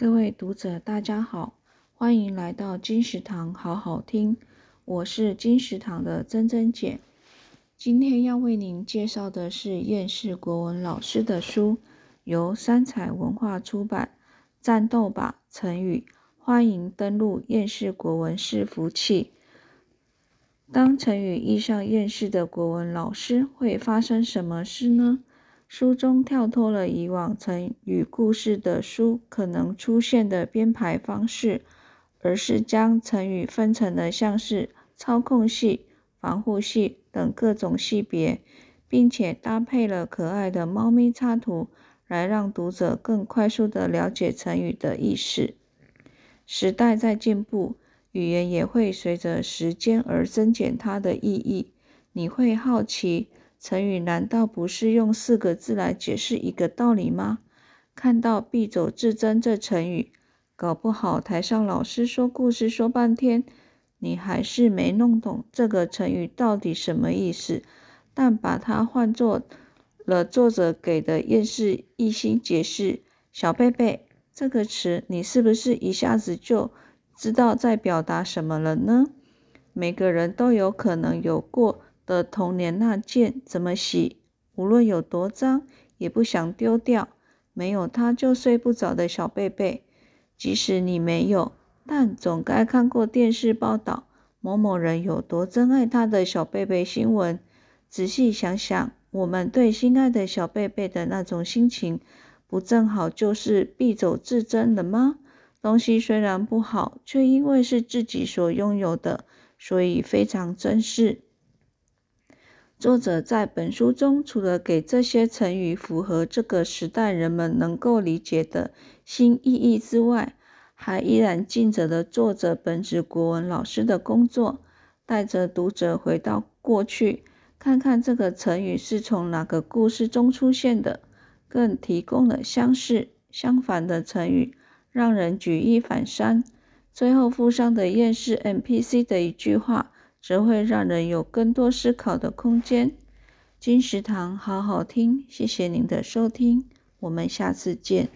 各位讀者，大家好，歡迎來到金石堂好好聽，我是金石堂的珍珍姐。今天要為您介紹的是厭世國文老師的書，由三采文化出版《戰鬥吧成語》，歡迎登錄厭世國文伺服器。當成語遇上厭世的國文老師，會發生什麼事呢？書中跳脫了以往成語故事的書可能出現的編排方式，而是將成語分成了像是操控系、防護系等各種系別，並且搭配了可愛的貓咪插圖，來讓讀者更快速地了解成語的意思。時代在進步，語言也會隨着時間而增減它的意義。你會好奇。成語難道不是用四個字來解釋一個道理嗎？看到“敝帚自珍”這成語，搞不好台上老師說故事說半天，你還是沒弄懂這個成語到底什麼意思。但把它換作了作者給的厭世一心解釋，“小貝貝”這個詞，你是不是一下子就知道在表達什麼了呢？每個人都有可能有過。的童年那件怎麼洗？無論有多髒，也不想丟掉。沒有他就睡不着的小貝貝，即使你沒有，但總該看過電視報道某某人有多珍愛他的小貝貝新聞。仔細想想，我們對心愛的小貝貝的那種心情，不正好就是敝帚自珍的嗎？東西雖然不好，卻因為是自己所擁有的，所以非常珍視。作者在本書中，除了給這些成語符合這個時代人們能夠理解的新意義之外，還依然盡責的做着本職國文老師的工作，帶着讀者回到過去，看看這個成語是從哪個故事中出現的，更提供了相似、相反的成語，讓人舉一反三。最後附上的厭世 NPC 的一句話。則會讓人有更多思考的空間。金石堂好好聽，謝謝您的收聽，我們下次見。